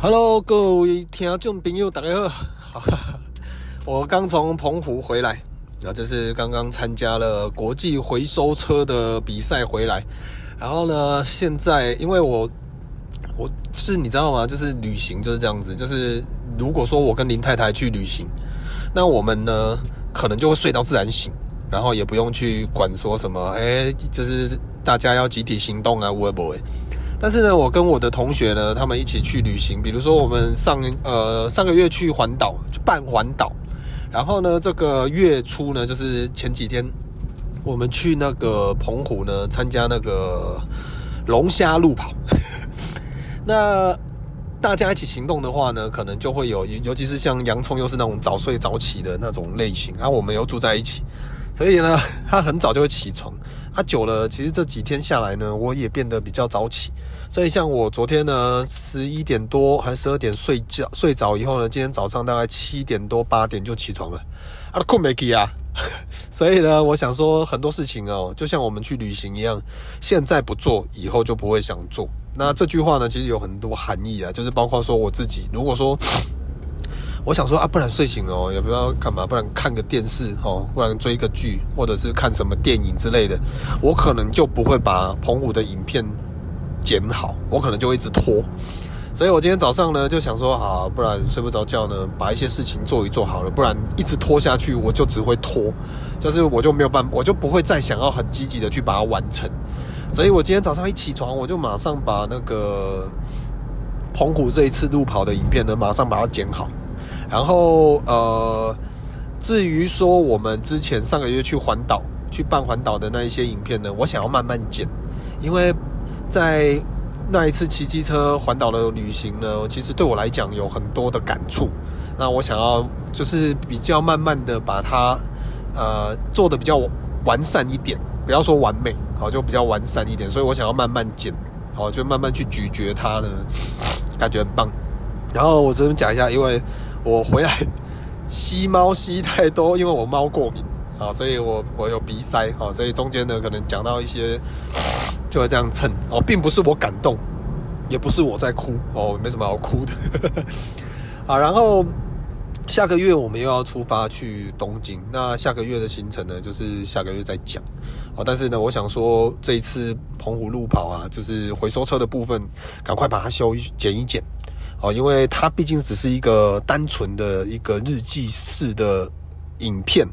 Hello，各位聽眾朋友，大家好！ 我剛從澎湖回來，然後就是剛剛參加了國際回收車的比賽回來。然後呢，現在因為我我是你知道嗎？就是旅行就是這樣子，就是如果說我跟林太太去旅行，那我們呢可能就會睡到自然醒，然後也不用去管說什麼，誒、欸、就是大家要集體行動啊 whatever 但是呢，我跟我的同學呢，他們一起去旅行。比如說，我們上呃上個月去環島，去半環島，然後呢這個月初呢，就是前幾天我們去那個澎湖呢參加那個龍蝦路跑。 那大家一起行動的話呢，可能就會有，尤其是像洋蔥又是那種早睡早起的那種類型，然後啊，我們又住在一起。所以呢，他很早就會起床。他、啊、久了，其實這幾天下來呢，我也變得比較早起。所以像我昨天呢，十一點多還十二點睡覺睡着以後呢，今天早上大概七點多八點就起床了。他的空沒給啊！ 所以呢，我想說很多事情哦，就像我們去旅行一樣，現在不做，以後就不會想做。那這句話呢，其實有很多含義啊，就是包括說我自己，如果說。我想說啊，不然睡醒了也不知道幹嘛，不然看個電視哦、喔，不然追個劇，或者是看什麼電影之類的，我可能就不會把澎湖的影片剪好，我可能就一直拖。所以我今天早上呢就想說，啊，不然睡不着覺呢，把一些事情做一做好了，不然一直拖下去，我就只會拖，就是我就沒有辦法，我就不會再想要很積極的去把它完成。所以我今天早上一起床，我就馬上把那個澎湖這一次路跑的影片呢，馬上把它剪好。然後，呃，至於說我們之前上個月去環島去辦環島的那一些影片呢，我想要慢慢剪，因為在那一次騎機車環島的旅行呢，其實對我來講有很多的感觸。那我想要就是比較慢慢的把它，呃，做得比較完善一點，不要說完美，好，就比較完善一點。所以我想要慢慢剪，哦，就慢慢去咀嚼它呢，感覺很棒。然後我這邊講一下，因為。我回來吸貓吸太多，因為我貓過敏啊，所以我我有鼻塞，好，所以中間呢可能講到一些就會這樣蹭哦，並不是我感動，也不是我在哭哦，沒什麼好哭的 好，然後，下個月我們又要出發去東京，那下個月的行程呢就是下個月再講，但是呢，我想說這一次澎湖路跑啊，就是回收車的部分，趕快把它修一剪一剪。哦，因為它畢竟只是一個單純的一個日記式的影片，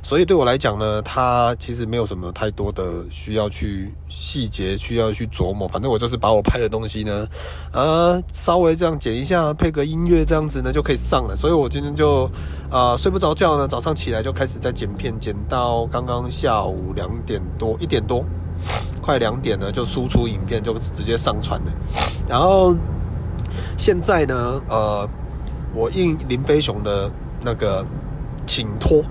所以對我來講呢，它其實沒有什麼太多的需要去細節需要去琢磨。反正我就是把我拍的東西呢，呃，稍微這樣剪一下，配個音樂，這樣子呢就可以上了。所以我今天就啊，呃，睡不着覺呢，早上起來就開始在剪片，剪到剛剛下午兩點多一點多，快兩點呢，就輸出影片就直接上傳了，然後。現在呢，呃，我應林飛熊的那個請託，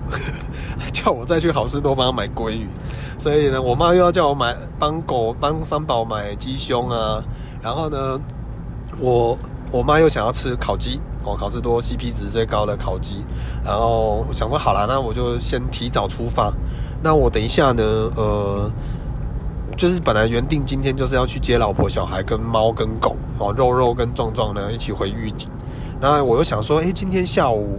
叫我再去好市多幫他買鮭魚，所以呢，我媽又要叫我買幫狗幫三寶買雞胸啊，然後呢，我我媽又想要吃烤雞，我好市多 CP 值最高的烤雞，然後我想說好啦，那我就先提早出發，那我等一下呢，呃。就是本來原定今天就是要去接老婆、小孩、跟貓、跟狗然後肉肉跟壯壯呢一起回玉井。那我又想說，誒、欸、今天下午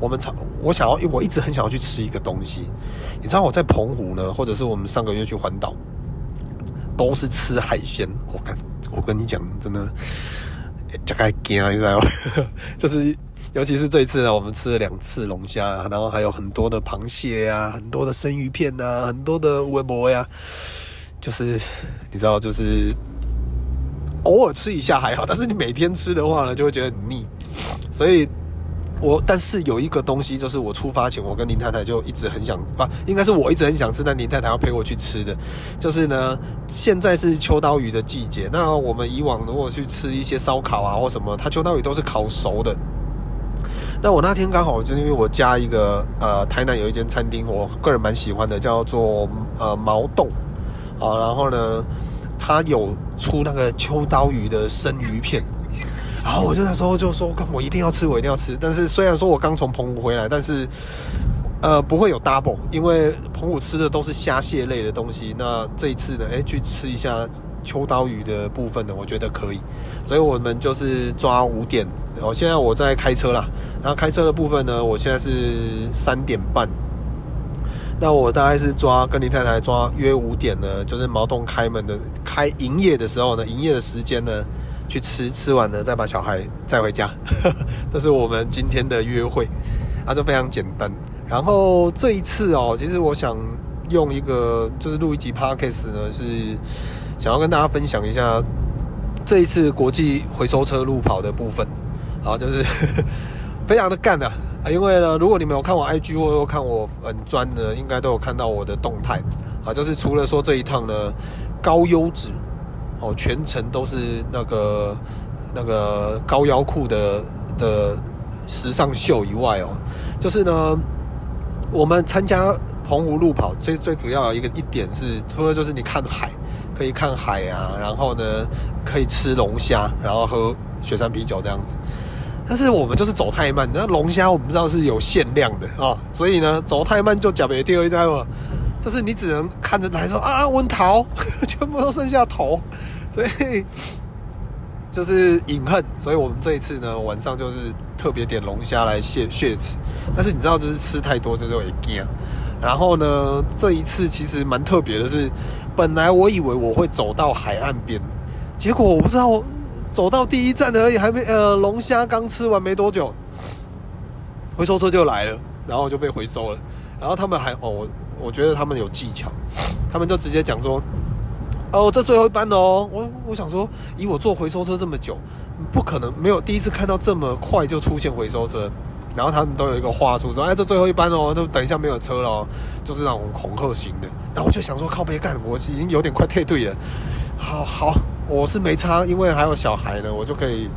我們我想要，我一直很想要去吃一個東西。你知道我在澎湖呢，或者是我們上個月去環島，都是吃海鮮。我看我跟你講，真的，真該啊你知道 就是，尤其是這一次呢，我們吃了兩次龍蝦，然後還有很多的螃蟹呀、啊，很多的生魚片啊很多的微博呀。就是你知道，就是偶爾吃一下還好，但是你每天吃的話呢，就會覺得很膩。所以，我但是有一個東西，就是我出發前，我跟林太太就一直很想啊，應該是我一直很想吃，但林太太要陪我去吃的，就是呢，現在是秋刀魚的季節。那我們以往如果去吃一些燒烤啊或什麼，它秋刀魚都是烤熟的。那我那天剛好就是因為我家一個呃，台南有一間餐廳，我個人蠻喜歡的，叫做呃毛豆，啊，然後呢，他有出那個秋刀魚的生魚片，然後我就那時候就說，我一定要吃，我一定要吃。但是雖然說我剛從澎湖回來，但是呃不會有 double，因為澎湖吃的都是蝦蟹類的東西。那這一次呢，哎去吃一下秋刀魚的部分呢，我覺得可以。所以我們就是抓五點，然後現在我在開車啦。然後開車的部分呢，我現在是三點半。那我大概是抓跟林太太抓約五點呢，就是毛洞開門的、開營業的時候呢，營業的時間呢，去吃，吃完呢，再把小孩帶回家呵呵，這是我們今天的約會，啊，就非常簡單。然後這一次哦、喔，其實我想用一個就是錄一集 Podcast 呢，是想要跟大家分享一下這一次國際回收車路跑的部分，好，就是。呵呵非常的干吶，啊，因為呢，如果你們有看我 IG 或看我粉專的，應該都有看到我的動態，啊，就是除了說這一趟呢高優質哦，全程都是那個那個高腰褲的的時尚秀以外哦，就是呢，我們參加澎湖路跑最最主要的一個一點是，除了就是你看海可以看海啊，然後呢可以吃龍蝦，然後喝雪山啤酒這樣子。但是我們就是走太慢，那龍蝦我們知道是有限量的啊、哦，所以呢走太慢就吃不到了，你知道嗎？就是你只能看着，來說啊，文濤全部都剩下頭，所以就是飲恨。所以我們這一次呢晚上就是特別點龍蝦來雪恥，但是你知道就是吃太多這就也驚。然後呢這一次其實蠻特別的是，本來我以為我會走到海岸邊，結果我不知道。走到第一站了而已，還沒呃，龍蝦剛吃完沒多久，回收車就來了，然後就被回收了。然後他們還哦我，我覺得他們有技巧，他們就直接講說，哦，這最後一班哦，我我想說，以我坐回收車這麼久，不可能沒有第一次看到這麼快就出現回收車。然後他們都有一個話術說，哎，這最後一班哦，就等一下沒有車了哦，就是那種恐嚇型的。然後我就想說靠，靠北幹我已經有點快退隊了，好好。我是沒差，因為還有小孩呢，我就可以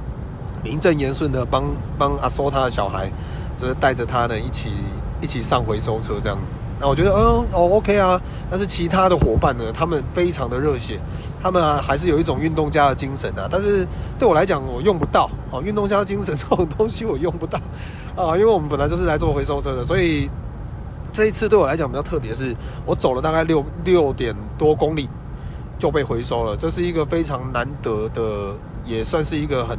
名正言順的幫幫阿叔他的小孩，就是帶着他呢一起一起上回收車這樣子。那我覺得嗯、哦哦，OK 啊。但是其他的夥伴呢，他們非常的熱血，他們啊，還是有一種運動家的精神啊。但是對我來講，我用不到哦，運動家精神這種東西我用不到啊，哦，因為我們本來就是來做回收車的，所以這一次對我來講比較特別是，是我走了大概六六點多公里。就被回收了，這是一個非常難得的，也算是一個很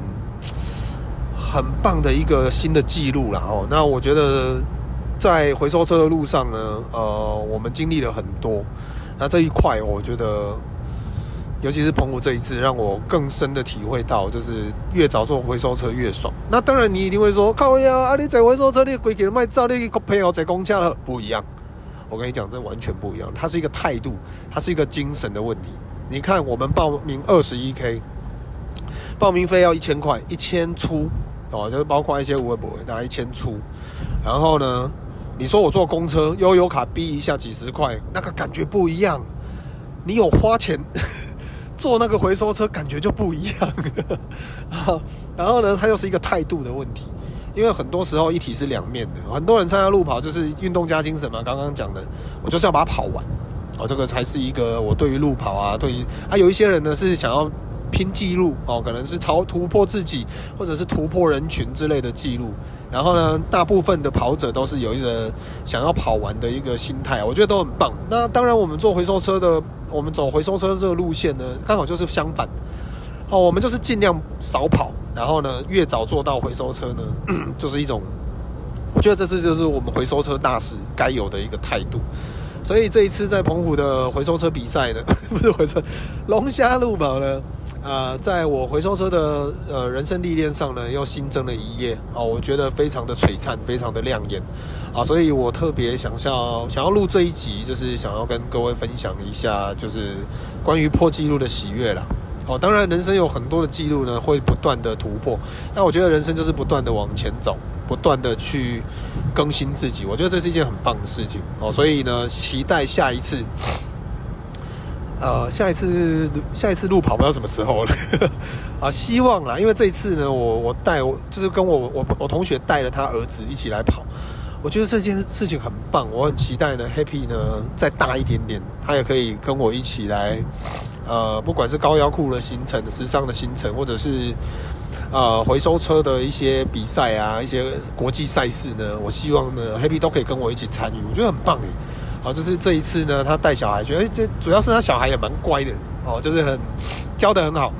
很棒的一個新的記錄啦哦。那我覺得在回收車的路上呢，呃，我們經歷了很多。那這一塊，我覺得尤其是澎湖這一次，讓我更深的體會到，就是越早做回收車越爽。那當然，你一定會說：“靠呀，啊，你在回收車，你鬼給人賣賬，你個朋友在公家了，不一樣。”我跟你講，這完全不一樣，它是一個態度，它是一個精神的問題。你看，我們報名二十一 K，報名費要一千塊，一千出哦，就是包括一些額外部分，拿一千出。然後呢，你說我坐公車，悠遊卡逼一下幾十塊，那個感覺不一樣。你有花錢呵呵坐那個回收車，感覺就不一樣呵呵。然後呢，它就是一個態度的問題，因為很多時候一體是兩面的。很多人參加路跑就是運動家精神嘛，剛剛講的，我就是要把它跑完。哦，這個才是一個我對於路跑啊，對於啊有一些人呢是想要拼記錄哦，可能是超突破自己，或者是突破人群之類的記錄。然後呢，大部分的跑者都是有一個想要跑完的一個心態，我覺得都很棒。那當然，我們做回收車的，我們走回收車這個路線呢，剛好就是相反。哦，我們就是儘量少跑，然後呢越早做到回收車呢、嗯，就是一種，我覺得這次就是我們回收車大使該有的一個態度。所以這一次在澎湖的回收車比賽呢，不是回收，龍蝦入寶呢，呃，在我回收車的呃人生歷練上呢，又新增了一頁哦、呃，我覺得非常的璀璨，非常的亮眼，啊、呃，所以我特別想，想要想要錄這一集，就是想要跟各位分享一下，就是關於破紀錄的喜悅啦，哦、呃，當然人生有很多的紀錄呢，會不斷的突破，但我覺得人生就是不斷的往前走。不斷地去更新自己，我覺得這是一件很棒的事情哦。所以呢，期待下一次，呃，下一次下一次路跑不知道什麼時候了，呵呵，啊，希望啦，因為這一次呢，我我帶我就是跟我我，我同學帶了他兒子一起來跑，我覺得這件事情很棒，我很期待呢。Happy 呢再大一點點，他也可以跟我一起來，呃，不管是高腰褲的行程、時尚的行程，或者是。呃，回收車的一些比賽啊，一些國際賽事呢，我希望呢，Happy 都可以跟我一起參與，我覺得很棒耶。好、呃，就是這一次呢，他帶小孩覺得這主要是他小孩也蠻乖的哦、呃，就是很教得很好。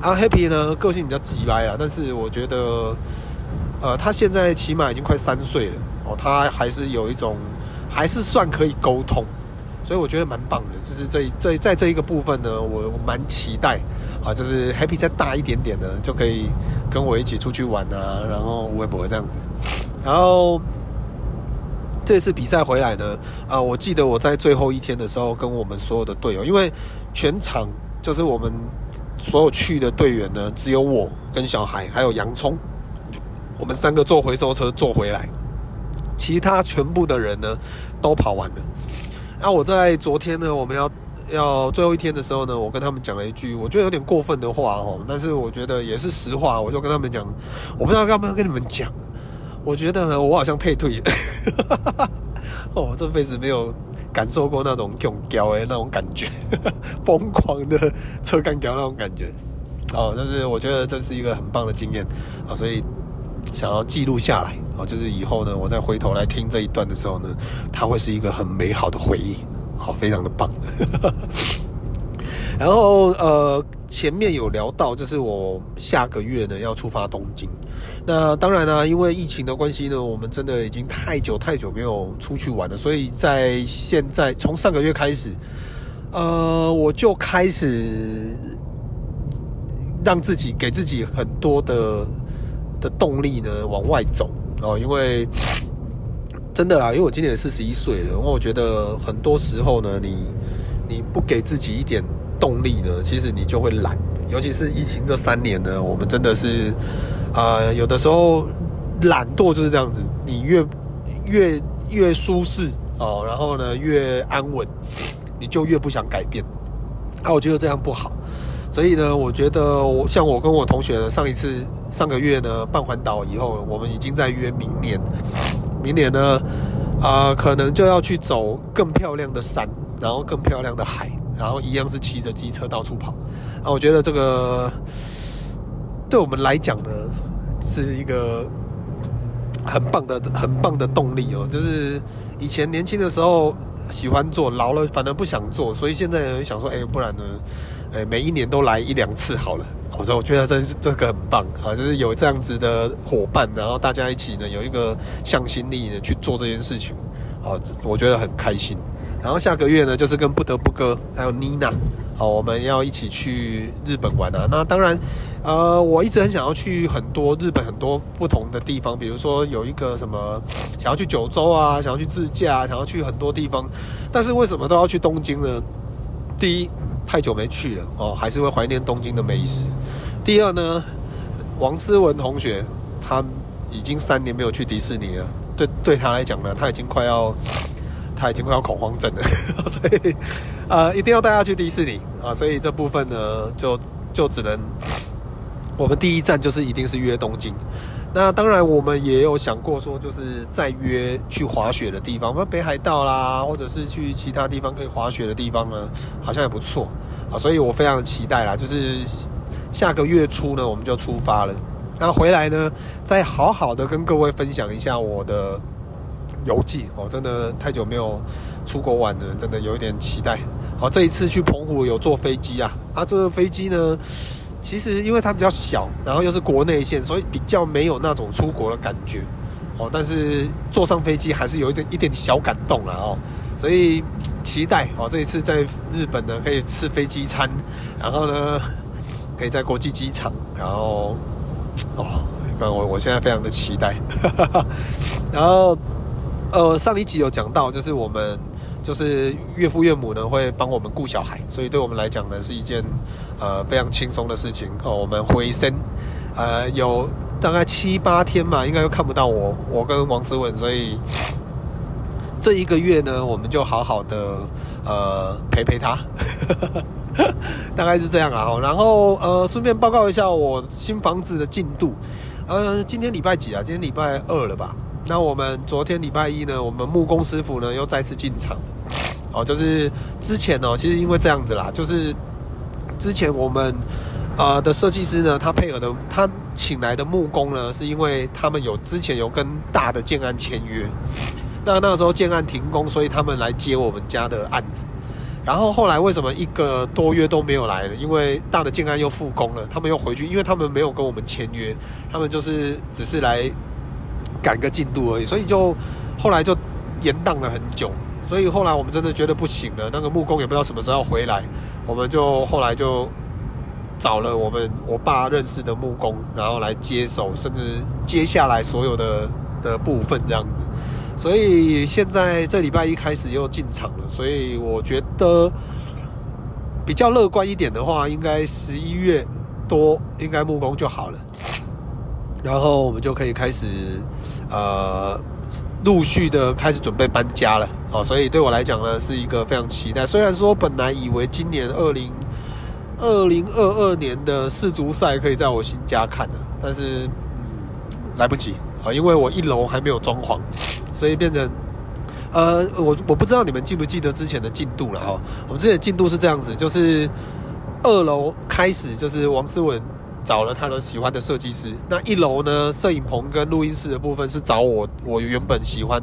啊，Happy 呢個性比較急白啊，但是我覺得，呃，他現在起碼已經快三歲了哦、呃，他還是有一種，還是算可以溝通。所以我覺得蠻棒的，就是這這在這一個部分呢，我蠻期待啊，就是 Happy 再大一點點呢，就可以跟我一起出去玩啊，然後我也不會這樣子。然後這次比賽回來呢，啊，我記得我在最後一天的時候，跟我們所有的隊友，因為全場就是我們所有去的隊員呢，只有我跟小孩還有洋蔥，我們三個坐回收車坐回來，其他全部的人呢都跑完了。那、啊、我在昨天呢，我們要要最後一天的時候呢，我跟他們講了一句，我覺得有點過分的話哦，但是我覺得也是實話，我就跟他們講，我不知道要不要跟你們講，我覺得呢，我好像退退哈、 哦、我這輩子沒有感受過那種屌誒，那種感覺，瘋 狂的車幹屌那種感覺，哦，但是我覺得這是一個很棒的經驗啊、哦，所以。想要記錄下來，就是以後呢，我再回頭來聽這一段的時候呢，它會是一個很美好的回憶，好，非常的棒。 然後呃，前面有聊到，就是我下個月呢要出發東京。那當然呢、啊，因為疫情的關係呢，我們真的已經太久太久沒有出去玩了，所以在現在從上個月開始，呃，我就開始讓自己給自己很多的。的動力呢，往外走哦，因為真的啦，因為我今年四十一歲了，然後我覺得很多時候呢，你你不給自己一點動力呢，其實你就會懶，尤其是疫情這三年呢，我們真的是啊、呃，有的時候懶惰就是這樣子，你越越越舒適哦，然後呢越安穩，你就越不想改變，啊，我覺得這樣不好。所以呢，我覺得我像我跟我同學呢，上一次上個月呢，半環島以後，我們已經在約明年，明年呢，啊、呃，可能就要去走更漂亮的山，然後更漂亮的海，然後一樣是騎着機車到處跑。啊，我覺得這個對我們來講呢，是一個很棒的很棒的動力哦。就是以前年輕的時候喜歡做，老了反而不想做，所以現在想說，哎，不然呢？哎，每一年都來一兩次好了。我說，我覺得真是這個很棒啊，就是有這樣子的夥伴，然後大家一起呢，有一個向心力呢去做這件事情，啊，我覺得很開心。然後下個月呢，就是跟不得不哥還有妮娜，好，我們要一起去日本玩了啊。那當然，呃，我一直很想要去很多日本很多不同的地方，比如說有一個什麼想要去九州啊，想要去自駕，想要去很多地方，但是為什麼都要去東京呢？第一。太久沒去了哦，還是會懷念東京的美食。第二呢，王思文同學他已經三年沒有去迪士尼了，對對他來講呢，他已經快要他已經快要恐慌症了，呵呵，所以啊，呃，一定要帶他去迪士尼啊。所以這部分呢，就就只能我們第一站就是一定是約東京。那當然，我們也有想過說，就是再約去滑雪的地方，我們北海道啦，或者是去其他地方可以滑雪的地方呢，好像也不錯啊。所以我非常期待啦，就是下個月初呢，我們就出發了。那回來呢，再好好的跟各位分享一下我的遊記哦。真的太久沒有出國玩了，真的有一點期待。好，這一次去澎湖有坐飛機啊，啊，這個飛機呢？其實因為它比較小，然後又是國內線，所以比較沒有那種出國的感覺哦。但是坐上飛機還是有一點一點小感動了哦。所以期待哦，這一次在日本呢，可以吃飛機餐，然後呢，可以在國際機場，然後哦，我我現在非常的期待。哈哈，然後呃，上一集有講到，就是我們就是岳父岳母呢會幫我們顧小孩，所以對我們來講呢是一件。呃，非常輕鬆的事情哦。我們回身，呃，有大概七八天嘛，應該又看不到我。我跟王思文，所以這一個月呢，我們就好好的呃陪陪他呵呵，大概是這樣啊。然後呃，順便報告一下我新房子的進度。呃，今天禮拜幾啊？今天禮拜二了吧？那我們昨天禮拜一呢，我們木工師傅呢又再次進場。哦，就是之前哦，其實因為這樣子啦，就是。之前我們，啊、呃、的設計師呢，他配合的，他請來的木工呢，是因為他們有之前有跟大的建案簽約，那那時候建案停工，所以他們來接我們家的案子。然後後來為什麼一個多月都沒有來了？因為大的建案又復工了，他們又回去，因為他們沒有跟我們簽約，他們就是只是來趕個進度而已，所以就後來就延宕了很久。所以後來我們真的覺得不行了，那個木工也不知道什麼時候要回來，我們就後來就找了我們我爸認識的木工，然後來接手，甚至接下來所有的的部分這樣子。所以現在這禮拜一開始又進場了，所以我覺得比較樂觀一點的話，應該十一月多應該木工就好了，然後我們就可以開始呃。陸續的開始準備搬家了，哦，所以對我來講呢，是一個非常期待。雖然說本來以為今年二零二零二二年的世足賽可以在我新家看，但是嗯，來不及啊，因為我一樓還沒有裝潢，所以變成呃，我我不知道你們記不記得之前的進度了哈。我們之前的進度是這樣子，就是二樓開始就是王思文。找了他的喜歡的設計師。那一樓呢，攝影棚跟錄音室的部分是找我，我原本喜歡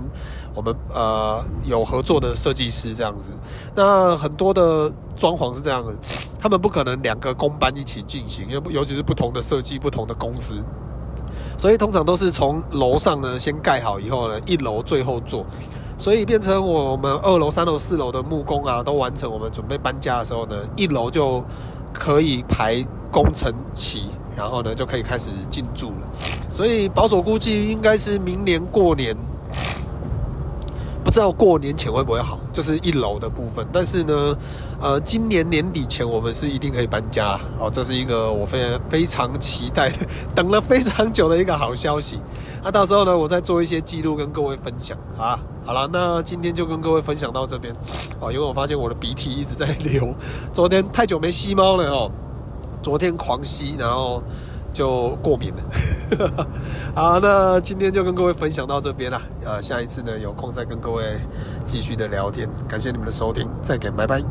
我們呃有合作的設計師這樣子。那很多的裝潢是這樣子，他們不可能兩個工班一起進行，因為尤其是不同的設計、不同的公司，所以通常都是從樓上呢先蓋好以後呢，一樓最後做。所以變成我們二樓、三樓、四樓的木工啊都完成，我們準備搬家的時候呢，一樓就。可以排工程期，然後呢就可以開始進駐了，所以保守估計應該是明年過年。不知道過年前會不會好，就是一樓的部分。但是呢，呃，今年年底前我們是一定可以搬家哦，這是一個我非常非常期待的，等了非常久的一個好消息。那到時候呢，我再做一些記錄跟各位分享啊。好了，那今天就跟各位分享到這邊哦，因為我發現我的鼻涕一直在流，昨天太久沒吸貓了哦，昨天狂吸，然後。就過敏了。 好，那今天就跟各位分享到這邊了。呃，下一次呢，有空再跟各位繼續的聊天。感謝你們的收聽，再見，拜拜。